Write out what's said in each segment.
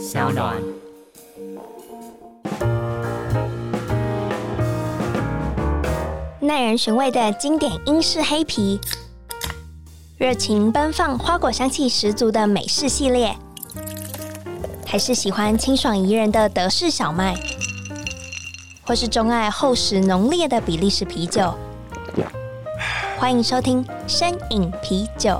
Sound On。耐人尋味的經典英式黑啤，熱情奔放、花果香氣十足的美式系列，還是喜歡清爽宜人的德式小麥，或是鍾愛厚實濃烈的比利時啤酒？歡迎收聽《聲飲啤酒》，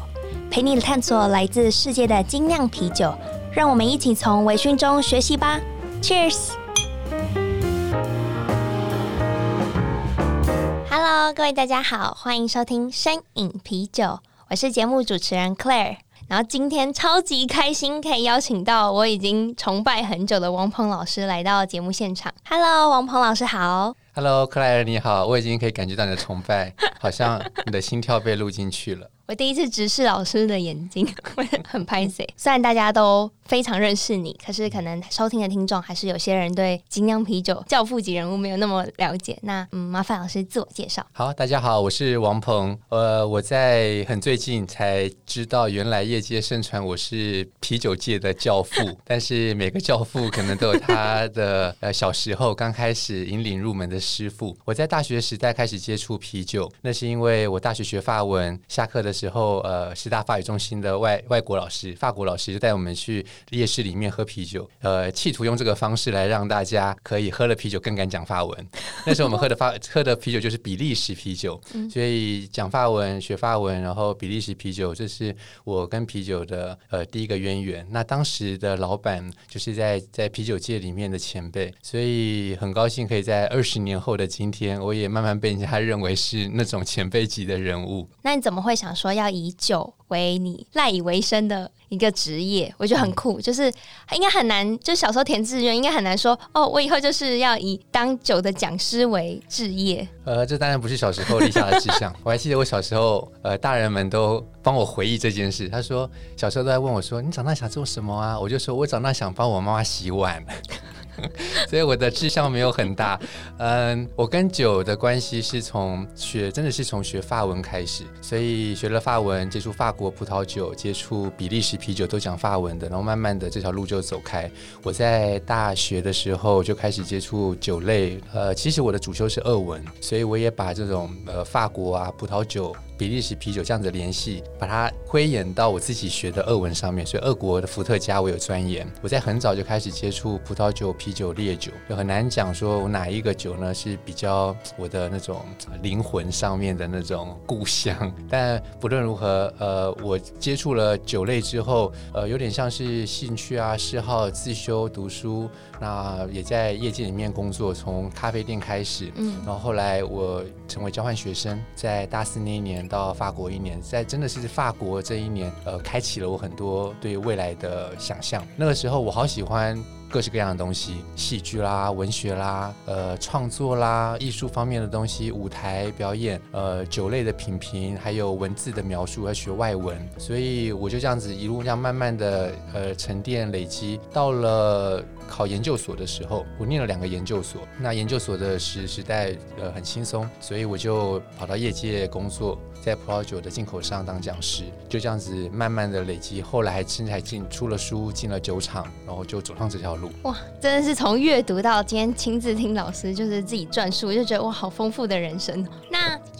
陪你的探索來自世界的精釀啤酒。讓我們一起從微醺中學習吧，Cheers！Hello，各位大家好，歡迎收聽深影啤酒，我是節目主持人 Claire。然後今天超級開心，可以邀請到我已經崇拜很久的王鵬老師來到節目現場。Hello，王鵬老師好。Hello，Claire 你好，我已經可以感覺到你的崇拜， 好像你的心跳被錄進去了。 我第一次直視老師的眼睛， 很拍 i 雖然大家都。非常認識你，可是，可能收聽的聽眾還是有些人對精釀啤酒教父級人物沒有那麼了解。那嗯，麻煩老師自我介紹。好，大家好，我是王鵬。呃，我在很最近才知道，原來業界盛傳我是啤酒界的教父。 但是每個教父可能都有他的 呃，小時候剛開始引領入門的師傅。我在大學時代開始接觸啤酒，那是因為我大學學法文，下課的時候，呃，師大法語中心的外外國老師，法國老師就帶我們去。夜市裡面喝啤酒，呃，企圖用這個方式來讓大家可以喝了啤酒更敢講法文。 那時候我們喝的發喝的啤酒就是比利時啤酒，嗯，所以講法文學法文，然後比利時啤酒，這是我跟啤酒的呃第一個淵源。那當時的老闆就是在在啤酒界裡面的前輩，所以很高興可以在二十年後的今天，我也慢慢被人家認為是那種前輩級的人物。那你怎麼會想說要以酒為你賴以為生的一個職業？我覺得很酷。嗯就是應該很難，就小時候填志願，應該很難說哦。我以後就是要以當酒的講師為志業。呃，這當然不是小時候理想的志向。 我還記得我小時候，呃，大人們都幫我回憶這件事。他說小時候都在問我說你長大想做什麼啊？我就說我長大想幫我媽媽洗碗。 所以我的志向沒有很大，嗯，我跟酒的關係是從學，真的是從學法文開始，所以學了法文，接觸法國葡萄酒，接觸比利時啤酒，都講法文的，然後慢慢的這條路就走開。我在大學的時候就開始接觸酒類，呃，其實我的主修是俄文，所以我也把這種呃法國啊葡萄酒。比利時啤酒這樣子聯繫，把它推演到我自己學的俄文上面，所以俄國的伏特加我有鑽研。我在很早就開始接觸葡萄酒、啤酒、烈酒，就很難講說我哪一個酒呢是比較我的那種靈魂上面的那種故鄉。但不論如何，呃，我接觸了酒類之後，呃，有點像是興趣啊、嗜好、自修、讀書，那也在業界裡面工作，從咖啡店開始，嗯，然後後來我成為交換學生，在大四那一年。到法國一年，在真的是法國這一年，呃，開啟了我很多對未來的想象。那個時候，我好喜歡各式各樣的東西，戲劇啦、文學啦、呃，創作啦、藝術方面的東西，舞台表演，呃，酒類的品評，還有文字的描述，要學外文。所以我就這樣子一路這樣慢慢的，呃，沉澱累積，到了考研究所的時候，我念了兩個研究所。那研究所的時時代呃，很輕鬆，所以我就跑到業界工作，在葡萄酒的進口商當講師，就這樣子慢慢的累積。後來還甚至還進出了書，進了酒廠，然後就走上這條路。哇，真的是從閱讀到今天親自聽老師，就是自己撰書，我就覺得哇，好豐富的人生。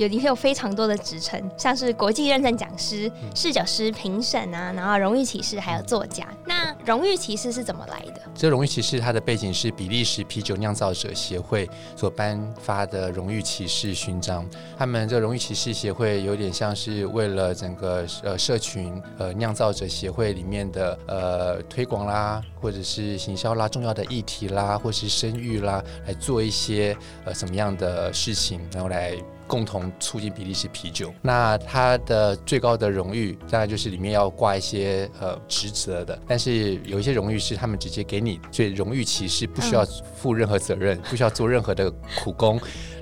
有你會有非常多的職稱，像是國際認證講師、侍、嗯、酒師、評審啊，然後榮譽騎士，還有作家。那榮譽騎士是怎麼來的？這榮譽騎士它的背景是比利時啤酒釀造者協會所頒發的榮譽騎士勳章。他們這榮譽騎士協會有點像是為了整個呃社群呃釀造者協會裡面的呃推廣啦，或者是行銷啦重要的議題啦，或者是聲譽啦來做一些呃什麼樣的事情，然後來。共同促進比利時啤酒。那它的最高的榮譽，當然就是裡面要掛一些呃職責的。但是有一些榮譽是他們直接給你，所以榮譽騎士不需要負任何責任，嗯，不需要做任何的苦工。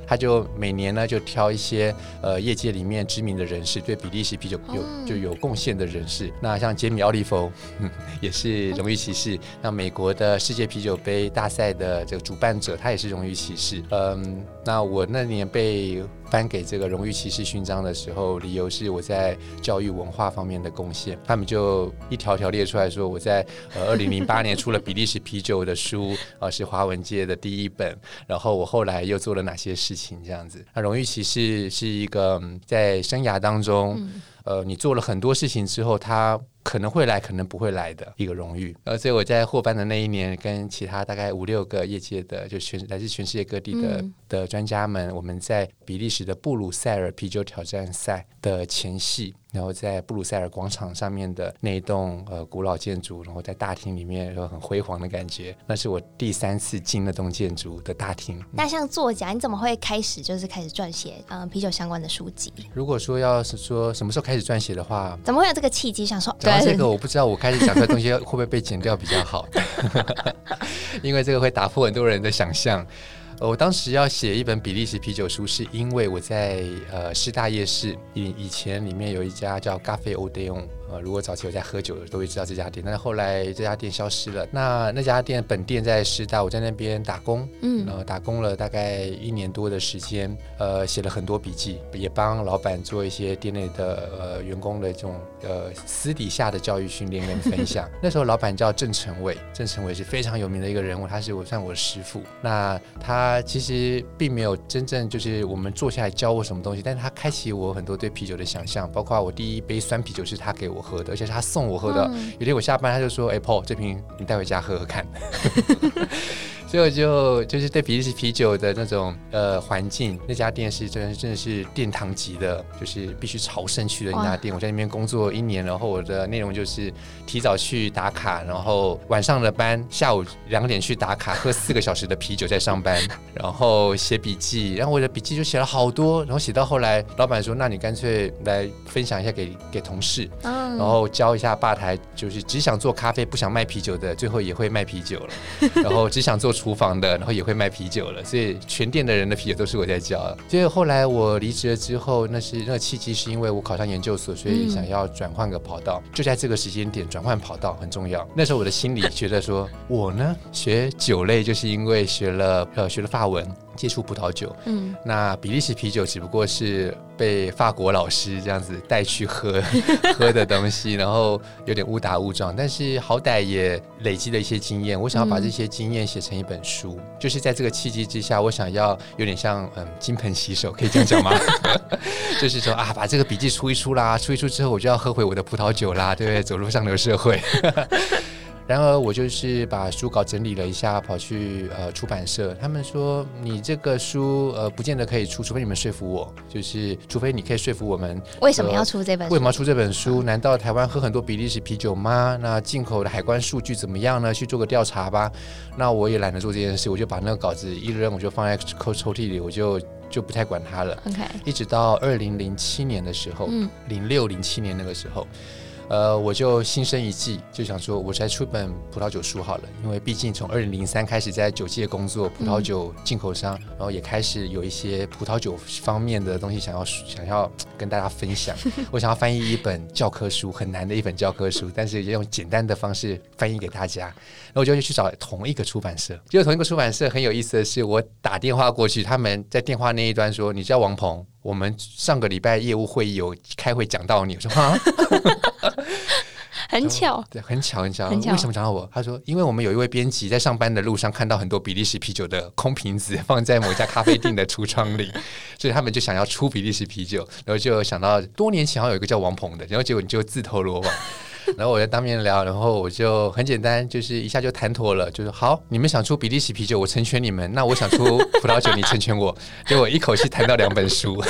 他就每年呢就挑一些呃業界裡面知名的人士，對比利時啤酒有就有貢獻的人士。那像傑米·奧利弗呵呵也是榮譽騎士。那美國的世界啤酒杯大賽的這個主辦者，他也是榮譽騎士。嗯，呃，那我那年被。頒給這個榮譽騎士勳章的時候，理由是我在教育文化方面的貢獻。他們就一條條列出來說，我在呃二零零八年出了比利時啤酒的書，啊、 呃、是華文界的第一本。然後我後來又做了哪些事情，這樣子。那榮譽騎士是一個在生涯當中、嗯，呃，你做了很多事情之後，他。可能會來，可能不會來的，一個榮譽。而、呃、所以我在獲頒的那一年，跟其他大概五六個業界的，就全來自全世界各地的、嗯、的專家們，我們在比利時的布魯塞爾啤酒挑戰賽的前夕，然後在布魯塞爾廣場上面的那一棟呃古老建築，然後在大廳裡面，就很輝煌的感覺，那是我第三次進那棟建築的大廳、嗯。那像作家，你怎麼會開始就是開始撰寫嗯、呃、啤酒相關的書籍？如果說要是說什麼時候開始撰寫的話，怎麼會有這個契機？想說對。這個我不知道，我開始講的東西會不會被剪掉比較好， 因為這個會打破很多人的想象。我當時要寫一本比利時啤酒書，是因為我在呃師大夜市以以前裡面有一家叫咖啡歐德呃，如果早期我在喝酒，都會知道這家店。但是後來這家店消失了。那那家店本店在師大，我在那邊打工，嗯，打工了大概一年多的時間，呃，寫了很多筆記，也幫老板做一些店內的呃，呃員工的這種呃私底下的教育訓練跟分享。 那時候老板叫鄭成偉，鄭成偉是非常有名的一個人物，他是我算我的師傅。那他其實並沒有真正就是我們坐下來教我什麼東西，但是他開啟我很多對啤酒的想象，包括我第一杯酸啤酒是他給我。我喝的，而且是他送我喝的。嗯。有天我下班，他就說：“哎、欸，Paul，這瓶你帶回家喝喝看。 ” 所以我就就是對比利時啤酒的那種呃環境，那家店是真的真的是殿堂級的，就是必須朝聖去的一家店。我在那邊工作一年，然後我的內容就是提早去打卡，然後晚上的班下午兩點去打卡，喝四個小時的啤酒再上班， 然後寫筆記，然後我的筆記就寫了好多，然後寫到後來老闆說：“那你幹脆來分享一下給給同事、嗯，然後教一下吧台，就是只想做咖啡不想賣啤酒的，最後也會賣啤酒了。”然後只想做。廚房的，然後也會賣啤酒了，所以全店的人的啤酒都是我在教。所以後來我離職了之後，那是那個契機，是因為我考上研究所，所以想要轉換個跑道。嗯，就在這個時間點轉換跑道很重要。那時候我的心裡覺得說，我呢學酒類就是因為學了呃學了法文。接觸葡萄酒，嗯，那比利時啤酒只不過是被法國老師這樣子帶去喝喝的東西， 然後有點誤打誤撞，但是好歹也累積了一些經驗。我想要把這些經驗寫成一本書，嗯、就是在這個契機之下，我想要有點像嗯金盆洗手，可以這樣講嗎？ 就是說啊，把這個筆記出一出啦，出一出之後我就要喝回我的葡萄酒啦，對不對？走路上流社會。 然而，我就是把書稿整理了一下，跑去呃出版社，他們說你這個書呃不見得可以出，除非你們說服我，就是除非你可以說服我們為什麼要出這本？為什麼要出這本書？本書嗯、難道台灣喝很多比利時啤酒嗎？那進口的海關數據怎麼樣呢？去做個調查吧。那我也懶得做這件事，我就把那個稿子一扔，我就放在抽屜裡，我就就不太管它了。Okay. 一直到二零零七年的時候，嗯，零六零七年那個時候。呃，我就心生一計，就想說，我再出本葡萄酒書好了，因為畢竟從二零零三開始在酒界工作，葡萄酒進口商、嗯，然後也開始有一些葡萄酒方面的東西想要想要跟大家分享。 我想要翻譯一本教科書，很難的一本教科書，但是也用簡單的方式翻譯給大家。然後我就去找同一個出版社，結果同一個出版社很有意思的是，我打電話過去，他們在電話那一端說：“你叫王鵬。”我們上個禮拜業務會議有開會講到你，是嗎？ 很巧，對，很巧，很巧。很巧你知道為什麼講到我？他說，因為我們有一位編輯在上班的路上看到很多比利時啤酒的空瓶子放在某家咖啡店的櫥窗裡， 所以他們就想要出比利時啤酒，然後就想到多年前好像有一個叫王鵬的，然後結果你就自投羅網。 然後我就當面聊，然後我就很簡單，就是一下就談妥了，就是好，你們想出比利時啤酒，我成全你們；那我想出葡萄酒，你成全我。就 我一口氣談到兩本書，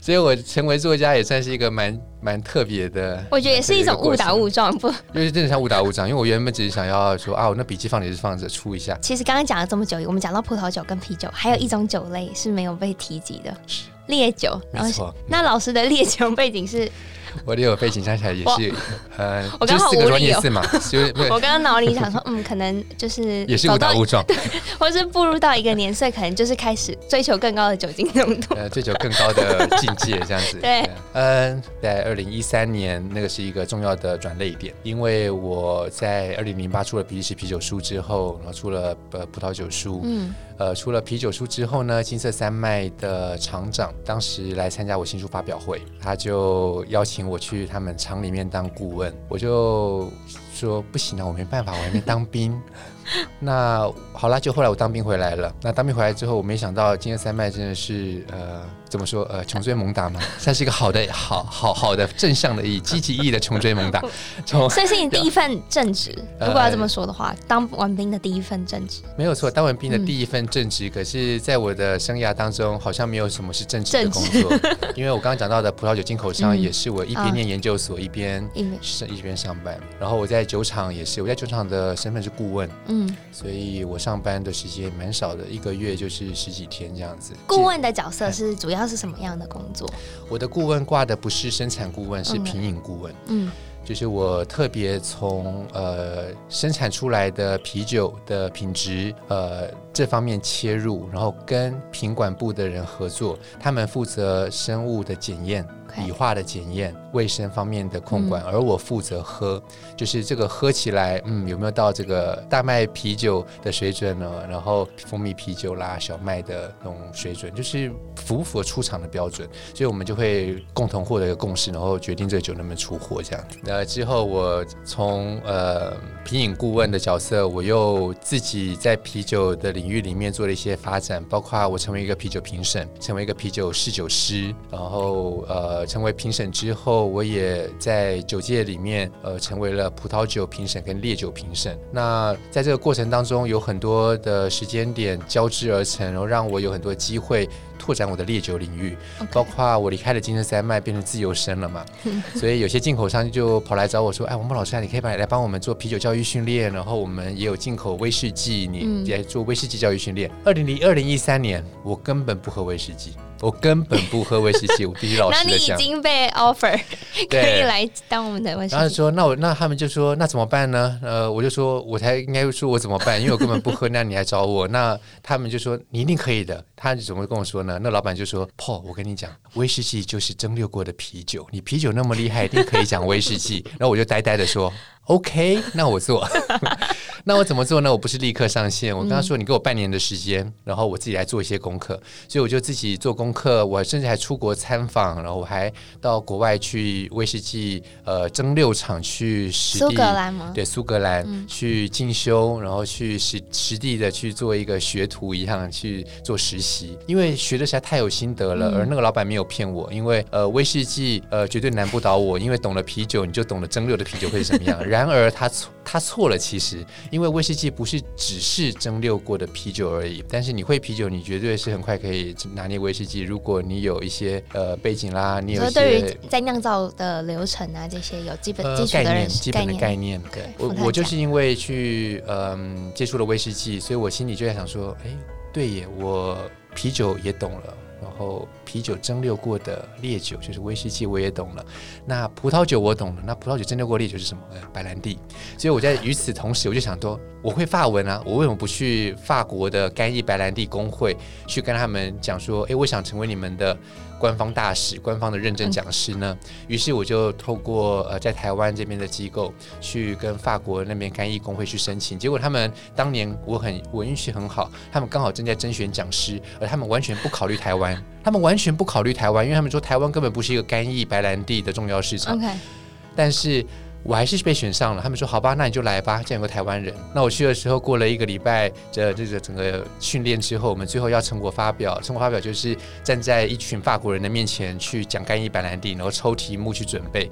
所以，我成為作家也算是一個蠻蠻特別的。我覺得也是一種誤打誤撞，不？就是真的像誤打誤撞，因為我原本只是想要說啊，我那筆記放你也是放着出一下。其實剛剛講了這麼久，我們講到葡萄酒跟啤酒，還有一種酒類是沒有被提及的，嗯、烈酒然後、沒錯、然後、嗯。那老師的烈酒背景是？ 我也有背景，加起來，也是呃，我剛好就是什麼年歲嘛， 就是我剛剛腦裡想說， 嗯，可能就是也是誤打誤撞，對，或是步入到一個年歲， 可能就是開始追求更高的酒精濃度，呃，追求更高的境界， 這樣子，對，嗯，在二零一三年，那個是一個重要的轉捩點，因為我在二零零八出了比利時啤酒書之後，然後出了呃葡萄酒書，嗯，呃，出了啤酒書之後呢，金色三麥的廠長當時來參加我新書發表會，他就邀請。我去他們廠裡面當顧問，我就說不行啊，我沒辦法，我還沒當兵。 那好啦，就後來我當兵回來了。那當兵回來之後，我沒想到今天三麥真的是呃。怎麼說？呃，窮追猛打嘛，算是一個好的，好好好的正向的意義，以積極意義的窮追猛打。 所以是你第一份正職？嗯，如果要這麼說的話，當完兵的第一份正職，呃、沒有錯。當完兵的第一份正職。嗯，可是在我的生涯當中，好像沒有什麼是正職的工作。 因為我剛剛講到的葡萄酒進口商，嗯，也是我一邊念研究所，嗯，一邊一邊上班。然後我在酒廠也是，我在酒廠的身份是顧問。嗯，所以我上班的時間蠻少的，一個月就是十幾天這樣子。顧問的角色是主要。啊、是什麼樣的工作？我的顧問掛的不是生產顧問，Okay. 是品飲顧問。嗯，就是我特別從呃生產出來的啤酒的品質呃。這方面切入，然後跟品管部的人合作，他們負責生物的檢驗、理、okay. 化的檢驗、衛生方面的控管，嗯，而我負責喝，就是這個喝起來，嗯，有沒有到這個大麥啤酒的水準呢？然後蜂蜜啤酒啦、小麥的那種水準，就是符不符合出廠的標準？所以我們就會共同獲得一個共識，然後決定這個酒能不能出貨這樣子。那之後，我從呃品飲顧問的角色，我又自己在啤酒的裡領域裡面做了一些發展，包括我成為一個啤酒評審，成為一個啤酒侍酒師，然後呃成為評審之後，我也在酒界裡面呃成為了葡萄酒評審跟烈酒評審。那在這個過程當中，有很多的時間點交織而成，然後讓我有很多機會。拓展我的烈酒領域，okay. 包括我離開了金色三麥，變成自由身了嘛， 所以有些進口商就跑來找我說，哎，王鵬老師，你可以來來幫我們做啤酒教育訓練，然後我們也有進口威士忌，你也做威士忌教育訓練。二零零二零一三年，我根本不喝威士忌。我根本不喝威士忌，我必須老實的講。 那你已經被 offer，可以來當我們的威士忌。然後他說，那我那他們就說，那怎麼辦呢？呃，我就說，我才應該說，我怎麼辦？因為我根本不喝。那你來找我， 那他們就說，你一定可以的。他怎麼會跟我說呢？那老闆就說，Paul，我跟你講，威士忌就是蒸餾過的啤酒。你啤酒那麼厲害，一定可以講威士忌。 然後我就呆呆的說。OK，那我做， 那我怎麼做呢？我不是立刻上線， 我跟他說，你給我半年的時間、嗯，然後我自己來做一些功課。所以我就自己做功課，我甚至還出國參訪，然後我還到國外去威士忌呃蒸餾廠去實地，蘇格蘭嗎？對，蘇格蘭、嗯、去進修，然後去實實地的去做一個學徒一樣去做實習，因為學的實在太有心得了、嗯。而那個老板沒有騙我，因為呃威士忌呃絕對難不倒我，因為懂了啤酒，你就懂了蒸餾的啤酒會是什麼樣。 然而他錯，他錯了。其實，因為威士忌不是只是蒸餾過的啤酒而已。但是你會啤酒，你絕對是很快可以拿捏威士忌。如果你有一些呃背景啦，你有你對於在釀造的流程啊，這些有基本基礎、呃、的人概念，基本的概念。概念對，對，我我，我就是因為去嗯、呃、接觸了威士忌，所以我心裡就在想說，哎，對耶，我啤酒也懂了。然後啤酒蒸餾過的烈酒就是威士忌，我也懂了。那葡萄酒我懂了，那葡萄酒蒸餾過的烈酒是什麼？白蘭地。所以我在與此同時，我就想說，我會法文啊，我為什麼不去法國的干邑白蘭地公會去跟他們講說，誒，我想成為你們的？官方大使、官方的認證講師呢？嗯，於是我就透過呃，在台灣這邊的機構去跟法國那邊干邑工會去申請。結果他們當年，我很，我運氣很好，他們剛好正在甄選講師，而他們完全不考慮台灣， 他們完全不考慮台灣，因為他們說台灣根本不是一個干邑白蘭地的重要市場。Okay. 但是。我還是被選上了。他們說：“好吧，那你就來吧。”這樣有個台灣人。那我去的時候，過了一個禮拜的這個整個訓練之後，我們最後要成果發表。成果發表就是站在一群法國人的面前去講《干邑白蘭地》，然後抽題目去準備。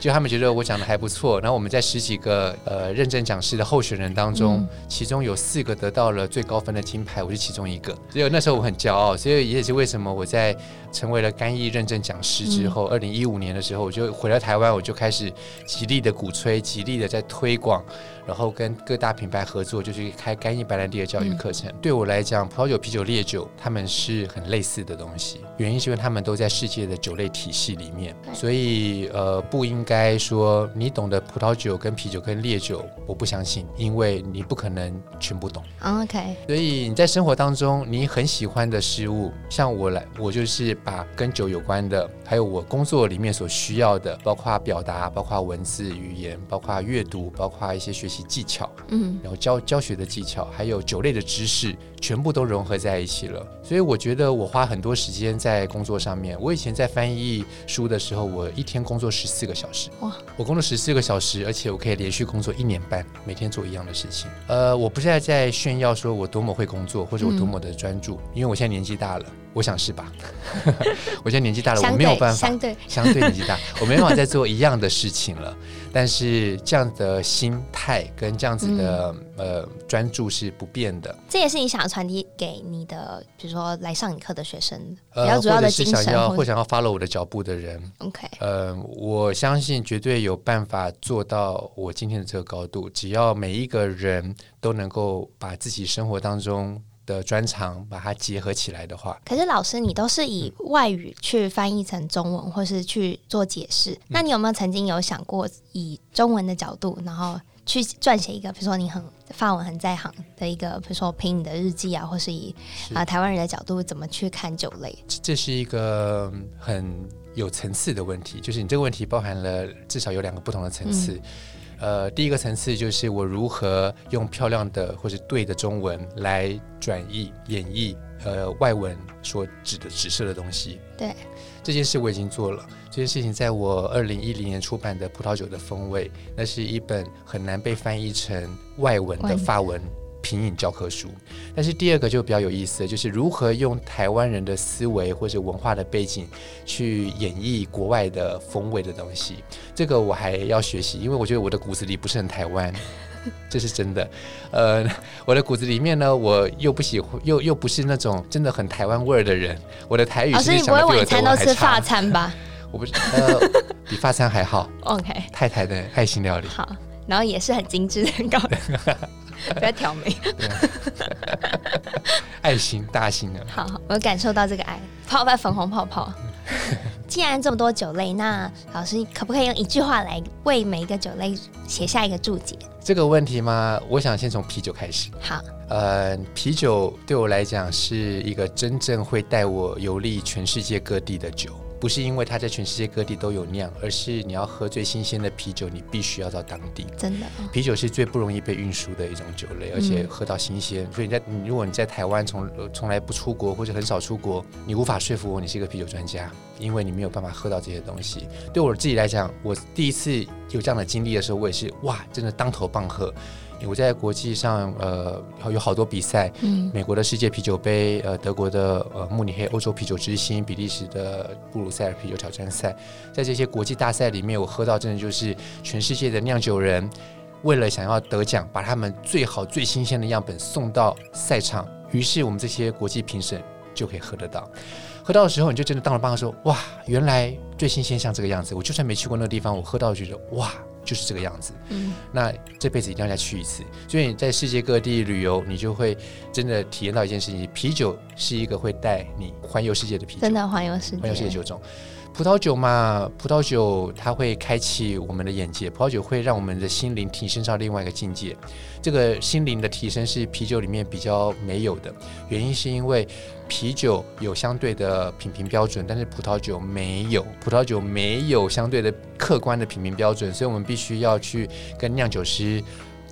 就他們覺得我講的還不錯，然後我們在十幾個呃認證講師的候選人當中，嗯，其中有四個得到了最高分的金牌，我是其中一個，所以那時候我很驕傲，所以也是為什麼我在成為了干邑認證講師之後，二零一五年的時候我就回到台灣，我就開始極力的鼓吹，極力的在推廣。然後跟各大品牌合作，就是開干邑、白蘭地的教育課程，嗯。對我來講，葡萄酒、啤酒、烈酒，它們是很類似的東西。原因是因為它們都在世界的酒類體系裡面，所以呃，不應該說你懂得葡萄酒跟啤酒跟烈酒，我不相信，因為你不可能全部懂。嗯、OK。所以你在生活當中，你很喜歡的事物，像我來，我就是把跟酒有關的，還有我工作裡面所需要的，包括表達，包括文字語言，包括閱讀，包括一些學習技巧，嗯，然後教教學的技巧，還有酒類的知識。全部都融合在一起了，所以我覺得我花很多時間在工作上面。我以前在翻譯書的時候，我一天工作十四個小時。哇！我工作十四個小時，而且我可以連續工作一年半，每天做一樣的事情。呃，我不是在在炫耀說我多麼會工作，或者我多麼的專注，嗯、因為我現在年紀大了，我想是吧？ 我現在年紀大了， 我沒有辦法相對相對年紀大，我沒辦法再做一樣的事情了。 但是這樣的心態跟這樣子的、嗯。呃，專注是不變的，這也是你想傳遞給你的，比如說來上你課的學生、呃、比較主要的精神，或是想要，或想要 follow 我的腳步的人。OK，呃，我相信絕對有辦法做到我今天的這個高度，只要每一個人都能夠把自己生活當中的專長把它結合起來的話。可是老師，你都是以外語去翻譯成中文，嗯、或是去做解釋、嗯，那你有沒有曾經有想過以中文的角度，然後？去撰寫一個，比如說你很發文很在行的一個，比如說評你的日記啊，或是以啊、呃、台灣人的角度怎麼去看酒類。這是一個很有層次的問題。就是你這個問題包含了至少有兩個不同的層次、嗯，呃，第一個層次就是我如何用漂亮的或是對的中文來轉譯演繹呃外文所指的指涉的東西，對。這件事我已經做了。這件事情在我二零一零年出版的《葡萄酒的風味》，那是一本很難被翻譯成外文的法文品飲教科書。但是第二個就比較有意思，就是如何用台灣人的思維或者文化的背景去演繹國外的風味的東西。這個我還要學習，因為我覺得我的骨子裡不是很台灣。這是真的，呃，我的骨子裡面呢，我又不喜歡，又又不是那種真的很台灣味兒的人，我的台語是老師，你不會晚餐都吃法餐吧？我不知道、呃、 比法餐還好。OK，太太的愛心料理。好，然後也是很精致、很高檔， 不要挑眉調。 對啊、 愛心大心的、啊。好，我感受到這個愛，泡泡粉紅泡泡。 既然這麼多酒類，那老師可不可以用一句話來為每一個酒類寫下一個註解？這個問題嗎？我想先從啤酒開始。好，呃，啤酒對我來講是一個真正會帶我遊歷全世界各地的酒。不是因為它在全世界各地都有釀，而是你要喝最新鮮的啤酒，你必須要到當地。真的。啊，嗯，啤酒是最不容易被運輸的一種酒類，而且喝到新鮮。所以你在，如果你在台灣從從來不出國或者很少出國，你無法說服我你是一個啤酒專家，因為你沒有辦法喝到這些東西。對我自己來講，我第一次有這樣的經歷的時候，我也是哇，真的當頭棒喝。我在國際上，呃，有好多比賽、嗯，美國的世界啤酒杯，呃，德國的呃慕尼黑歐洲啤酒之星，比利時的布魯塞爾啤酒挑戰賽，在這些國際大賽裡面，我喝到真的就是全世界的釀酒人為了想要得獎，把他們最好最新鮮的樣本送到賽場，於是我們這些國際評審就可以喝得到。喝到的時候，你就真的當了棒球說，哇，原來最新鮮像這個樣子。我就算沒去過那個地方，我喝到覺得哇。就是這個樣子，嗯，那這輩子一定要再去一次。所以你在世界各地旅遊，你就會真的體驗到一件事情：啤酒是一個會帶你環遊世界的啤酒，真的環遊世界，環遊世界的酒中。葡萄酒嘛，葡萄酒它會開啟我們的眼界，葡萄酒會讓我們的心靈提升到另外一個境界。這個心靈的提升是啤酒裡面比較沒有的，原因是因為啤酒有相對的品評標準，但是葡萄酒沒有，葡萄酒沒有相對的客觀的品評標準，所以我們必須要去跟釀酒師。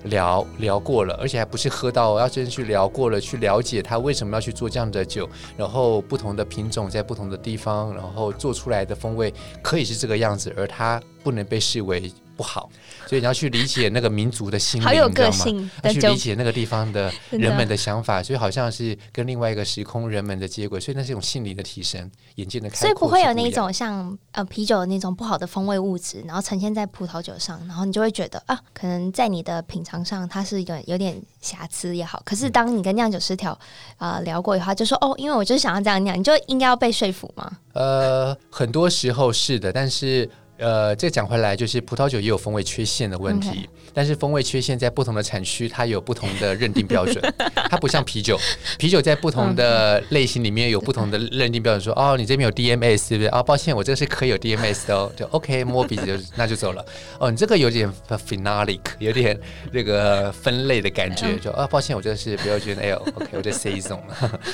聊聊過了，而且還不是喝到，要真正去聊過了，去了解他為什麼要去做這樣的酒，然後不同的品種在不同的地方，然後做出來的風味可以是這個樣子，而它不能被視為。不好，所以你要去理解那個民族的心靈，好有個性的，你知道，要去理解那個地方的人們的想法 的。所以好像是跟另外一個時空人們的接軌，所以那是一種心靈的提升，眼界的開闊。所以不會有那種像呃啤酒的那種不好的風味物質，然後呈現在葡萄酒上，然後你就會覺得啊，可能在你的品嘗上它是有有點瑕疵也好。可是當你跟釀酒師調啊、呃、聊過以後，他就說哦，因為我就是想要這樣釀，你就應該要被說服嗎？呃，很多時候是的，但是。呃，這講回來就是葡萄酒也有風味缺陷的問題，okay. 但是風味缺陷在不同的產區它有不同的認定標準， 它不像啤酒，啤酒在不同的類型裡面有不同的認定標準。Okay. 說哦，你這邊有 DMS 對不對？啊，抱歉，我這個是可以有 DMS 的，哦。就 OK，摸鼻子就那就走了。哦，你這個有點 Phenolic 有點那個分類的感覺，就啊，抱歉，我這個是 Belgian Ale，OK，我這 Saison，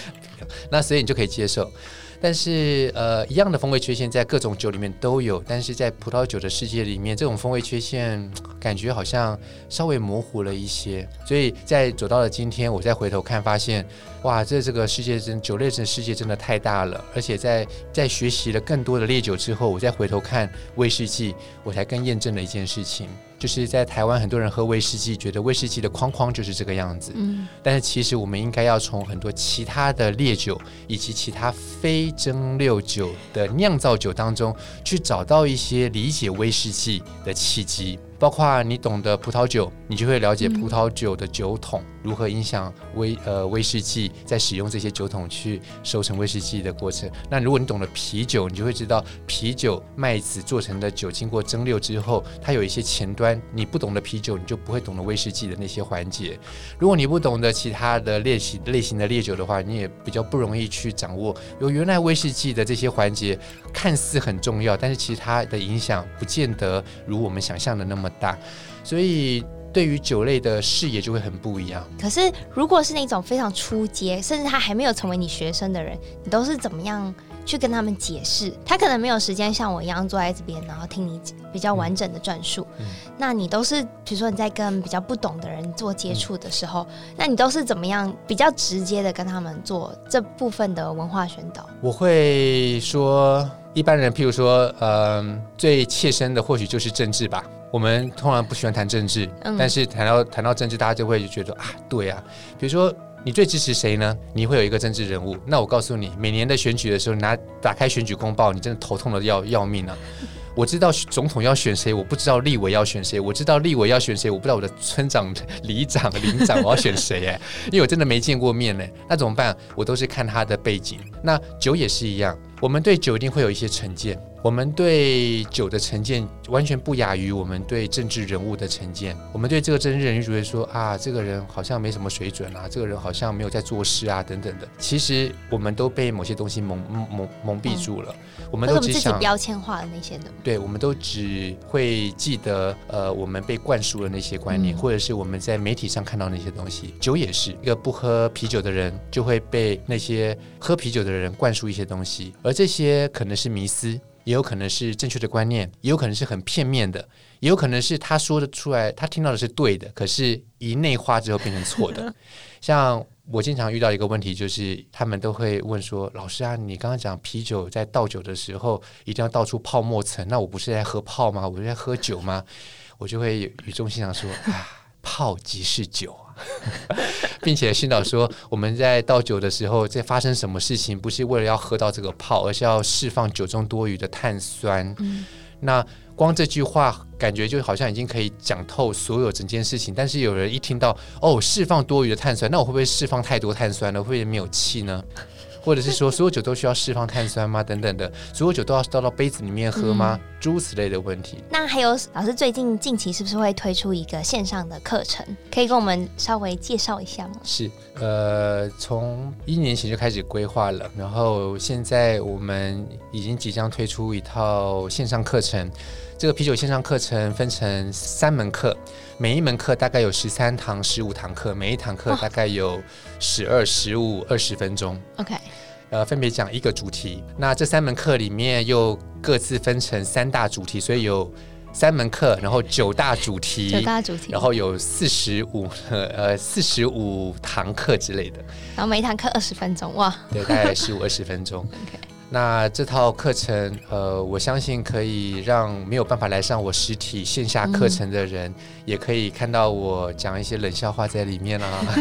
那所以你就可以接受。但是，呃，一樣的風味缺陷在各種酒裡面都有，但是在葡萄酒的世界裡面，這種風味缺陷感覺好像稍微模糊了一些。所以在走到了今天，我再回頭看，發現哇，這這個世界真，酒類的世界真的太大了。而且在在學習了更多的烈酒之後，我再回頭看威士忌，我才更驗證了一件事情。就是在台灣，很多人喝威士忌，覺得威士忌的框框就是這個樣子。嗯，但是其實我們應該要從很多其他的烈酒以及其他非蒸餾酒的釀造酒當中，去找到一些理解威士忌的契機。包括你懂得葡萄酒，你就會了解葡萄酒的酒桶。嗯。如何影響威呃威士忌，在使用這些酒桶去收成威士忌的過程？那如果你懂得啤酒，你就會知道啤酒麥子做成的酒經過蒸餾之後，它有一些前端。你不懂得啤酒，你就不會懂得威士忌的那些環節。如果你不懂得其他的烈型類型的烈酒的話，你也比較不容易去掌握。有原來威士忌的這些環節看似很重要，但是其他的影響不見得如我們想象的那麼大，所以。對於酒類的視野就會很不一樣。可是，如果是那種非常初階，甚至他還沒有成為你學生的人，你都是怎麼樣去跟他們解釋？他可能沒有時間像我一樣坐在這邊，然後聽你比較完整的轉述、嗯。那你都是，比如說你在跟比較不懂的人做接觸的時候、嗯，那你都是怎麼樣比較直接的跟他們做這部分的文化宣導？我會說，一般人，譬如說，嗯、呃，最切身的或許就是政治吧。我們通常不喜歡談政治，嗯、但是談到談到政治，大家就會覺得啊，對啊，比如說你最支持誰呢？你會有一個政治人物。那我告訴你，每年的選舉的時候，拿打開選舉公報，你真的頭痛得要要命啊。我知道總統要選誰，我不知道立委要選誰；我知道立委要選誰，我不知道我的村長、里長、鄰長我要選誰誒、欸？ 因為我真的沒見過面呢、欸。那怎麼辦？我都是看他的背景。那酒也是一樣。我們對酒一定會有一些成見，我們對酒的成見完全不亞於我們對政治人物的成見。我們對這個政治人物就會說啊，這個人好像沒什麼水準啊，這個人好像沒有在做事啊，等等的。其實我們都被某些東西蒙蒙蒙蔽住了，嗯。我們都只想標籤化的那些人，對，我們都只會記得呃，我們被灌輸的那些觀念，嗯、或者是我們在媒體上看到那些東西。酒也是一個，不喝啤酒的人就會被那些喝啤酒的人灌輸一些東西。而這些可能是迷思，也有可能是正確的觀念，也有可能是很片面的，也有可能是他說的出來，他聽到的是對的，可是一內化之後變成錯的。像我經常遇到一個問題，就是他們都會問說：“老師啊，你剛剛講啤酒在倒酒的時候一定要倒出泡沫層，那我不是在喝泡嗎？我不是在喝酒嗎？”我就會語重心長說：“啊，泡即是酒。” 並且訓導說，我們在倒酒的時候，在發生什麼事情，不是為了要喝到這個泡，而是要釋放酒中多餘的碳酸、嗯。那光這句話，感覺就好像已經可以講透所有整件事情。但是有人一聽到哦，釋放多餘的碳酸，那我會不會釋放太多碳酸呢？會不會沒有氣呢？或者是說所有酒都需要釋放碳酸嗎？等等的，所有酒都要倒到杯子裡面喝嗎？諸如、嗯、此類的問題。那還有老師最近近期是不是會推出一個線上的課程？可以跟我們稍微介紹一下嗎？是，呃，從一年前就開始規劃了，然後現在我們已經即將推出一套線上課程。這個啤酒線上課程分成三門課，每一門課大概有十三堂、十五堂課，每一堂課大概有十二、十五、二十分鐘。OK，呃，分別講一個主題。那這三門課裡面又各自分成三大主題，所以有三門課，然後九大主題， 九大主題，然後有四十五，呃，四十五堂課之類的。然後每一堂課二十分鐘，哇！對，大概十五、二十分鐘。 OK。那這套課程，呃，我相信可以讓沒有辦法來上我實體線下課程的人，嗯、也可以看到我講一些冷笑話在裡面啦、啊。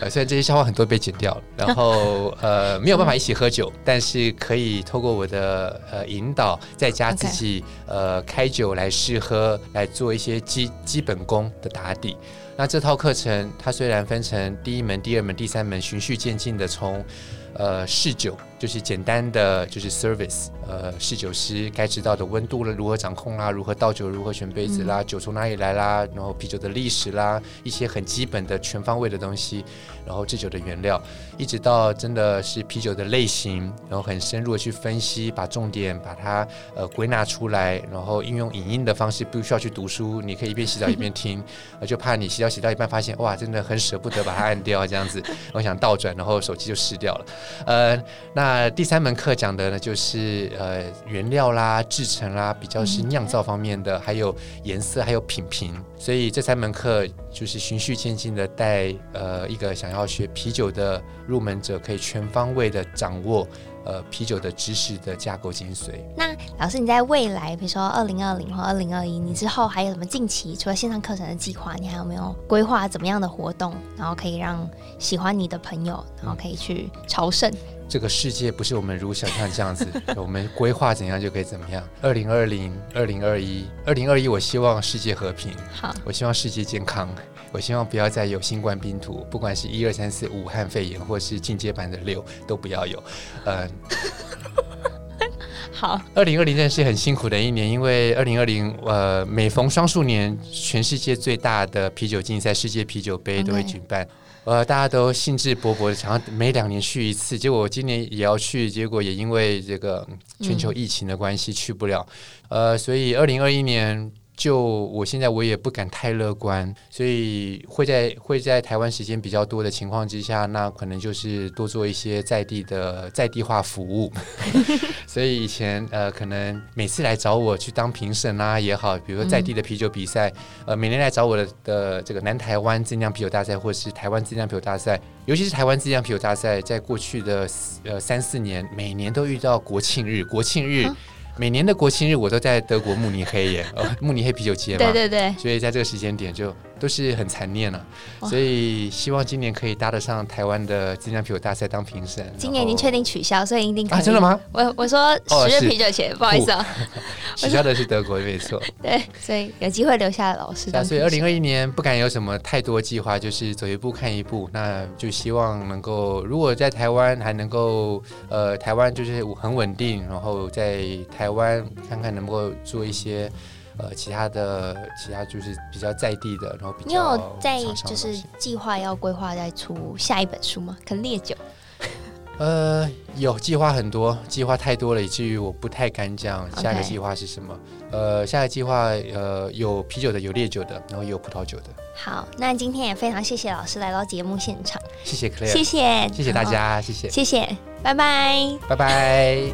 呃， 雖然這些笑話很多被剪掉了，然後呃沒有辦法一起喝酒，嗯、但是可以透過我的呃引導，在家自己、Okay. 呃開酒來試喝，來做一些基基本功的打底。那這套課程它雖然分成第一門、第二門、第三門，循序漸進的從呃試酒。就是簡單的，就是 service，呃，侍酒師該知道的溫度了，如何掌控啦、啊，如何倒酒，如何選杯子啦，嗯、酒從哪裡來啦，然後啤酒的歷史啦，一些很基本的全方位的東西，然後製酒的原料，一直到真的是啤酒的類型，然後很深入的去分析，把重點把它呃歸納出來，然後應用影音的方式，不需要去讀書，你可以一邊洗澡一邊聽、 呃，就怕你洗澡洗到一半發現哇，真的很捨不得把它按掉這樣子，我想倒轉，然後手機就濕掉了，呃，那。那第三門課講的呢，就是呃原料啦、製程啦，比較是釀造方面的，還有顏色，還有品評。所以這三門課就是循序漸進的帶呃一個想要學啤酒的入門者，可以全方位的掌握呃啤酒的知識的架構精髓。那老師，你在未來，比如說二零二零或二零二一，你之後還有什麼近期除了線上課程的計劃，你還有沒有規劃怎麼樣的活動，然後可以讓喜歡你的朋友，然後可以去朝聖？這個世界不是我們如想象這樣子， 我們規劃怎樣就可以怎麼樣。二零二零、二零二一、二零二一，我希望世界和平，好，我希望世界健康，我希望不要再有新冠病毒，不管是一、二、三、四、武漢肺炎，或是進階版的六，都不要有。嗯、呃， 好。二零二零真的是很辛苦的一年，因為二零二零，呃，每逢雙數年，全世界最大的啤酒競賽——世界啤酒杯、okay. 都會舉辦。呃，大家都興致勃勃的，想要每兩年去一次。結果我今年也要去，結果也因為這個全球疫情的關係去不了。嗯。呃，所以二零二一年。就我現在我也不敢太樂觀，所以會在會在台灣時間比較多的情況之下，那可能就是多做一些在地的在地化服務。 所以以前呃，可能每次來找我去當評審啊也好，比如說在地的啤酒比賽、嗯，呃，每年來找我的的這個南台灣自釀啤酒大賽，或是台灣自釀啤酒大賽，尤其是台灣自釀啤酒大賽，在過去的三呃三四年，每年都遇到國慶日，國慶日。啊每年的國慶日，我都在德國慕尼黑耶， 哦、慕尼黑啤酒節嘛。 對對對，所以在這個時間點就。都、就是很殘念了，啊，哦，所以希望今年可以搭得上台灣的金獎啤酒大賽當評審。今年已經確定取消，所以一定可以啊，真的嗎？我我說十月啤酒節，不好意思啊，哦、 取消的是德國， 沒錯。對，所以有機會留下老師、啊。所以二零二一年不敢有什麼太多計劃，就是走一步看一步。那就希望能夠如果在台灣還能夠呃台灣就是很穩定，然後在台灣看看能不能夠做一些。呃，其他的其他就是比較在地的，然後比較常常的，你有在就是計劃要規劃再出下一本書嗎？可能烈酒。呃，有計劃很多，計劃太多了，以至於我不太敢講下一個計劃是什麼。Okay. 呃，下一個計劃呃有啤酒的，有烈酒的，然後也有葡萄酒的。好，那今天也非常謝謝老師來到節目現場。謝謝 Claire，謝謝謝謝大家，謝謝謝謝，拜拜，拜拜。